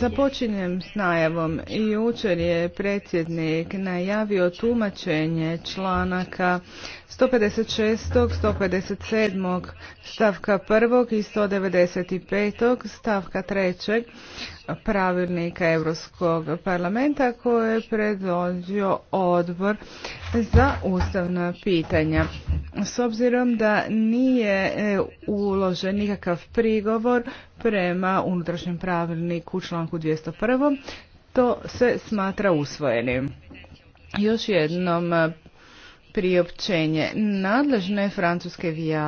Započinjem s najavom. Jučer je predsjednik najavio tumačenje članaka 156. 157. stavka 1. i 195. stavka 3. pravilnika Europskog parlamenta koje je predložio odbor za ustavna pitanja. S obzirom da nije e, u uložen nikakav prigovor prema unutrašnjem pravilniku članku 201. To se smatra usvojenim. Još jednom e, priopćenje nadležne francuske vijaje.